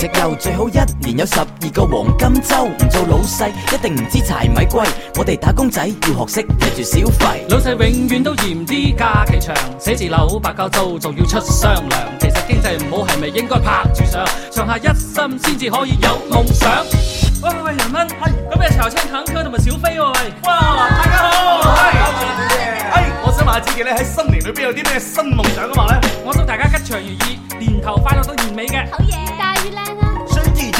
食又最好一年有十二個黃金週，唔做老細一定唔知柴米貴。我哋打工仔要學識提住消費，老細永遠都嫌啲假期長，寫字樓白交租就要出商量。其實經濟唔好係咪應該拍住上，上下一心先至可以有夢想。喂喂喂，人蚊，係咁啊！曹春、坦克同埋小飛喎，喂。哇，大家好，係，多謝多謝。係，我想問下子傑咧，喺新年裏邊有啲咩新夢想嘅話咧？我祝大家吉祥如意，年頭快樂到完美嘅。好嘢。